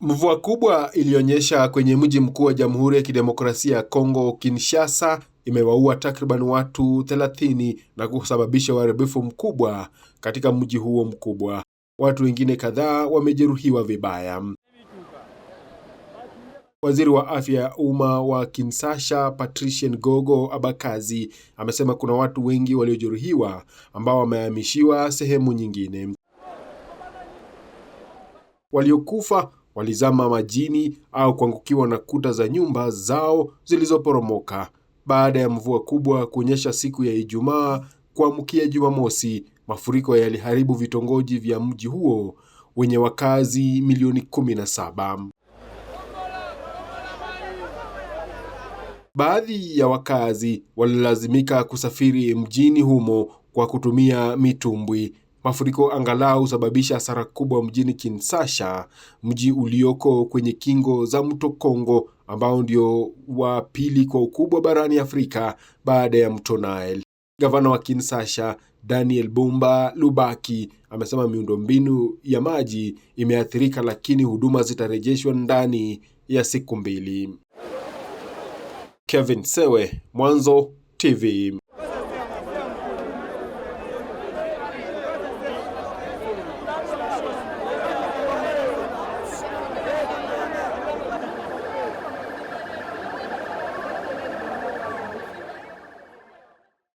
Mvua kubwa iliyonyesha kwenye mji mkuu wa Jamhuri ya Kidemokrasia ya Kongo, Kinshasa, imewaua takriban watu 30 na kusababisha uharibifu mkubwa katika mji huo mkubwa. Watu wengine kadhaa wamejeruhiwa vibaya. Waziri wa afya ya umma wa Kinshasa, Patricien Gogo Abakazi, amesema kuna watu wengi waliojeruhiwa ambao wamehamishiwa sehemu nyingine. Waliokufa walizama majini au kuangukiwa na kuta za nyumba zao zilizoporomoka baada ya mvua kubwa kunyesha siku ya Ijumaa kuamkia Jumamosi. Mafuriko yaliharibu vitongoji vya mji huo wenye wakazi milioni kumi na saba Baadhi ya wakazi walilazimika kusafiri mjini humo kwa kutumia mitumbwi. Mafuriko angalau husababisha hasara kubwa mjini Kinshasa, mji ulioko kwenye kingo za mto Kongo ambao ndio wa pili kwa ukubwa barani Afrika baada ya mto Nile. Gavana wa Kinshasa Daniel Bumba Lubaki amesema miundombinu ya maji imeathirika, lakini huduma zitarejeshwa ndani ya siku mbili. Kevin Sewe, Mwanzo TV.